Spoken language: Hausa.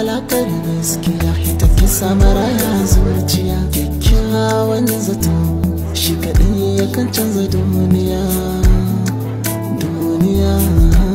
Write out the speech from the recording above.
alakar gaskiya ita kisa maraya zuciya kyakkyawan zato shi kaɗai yakan canza duniya duniya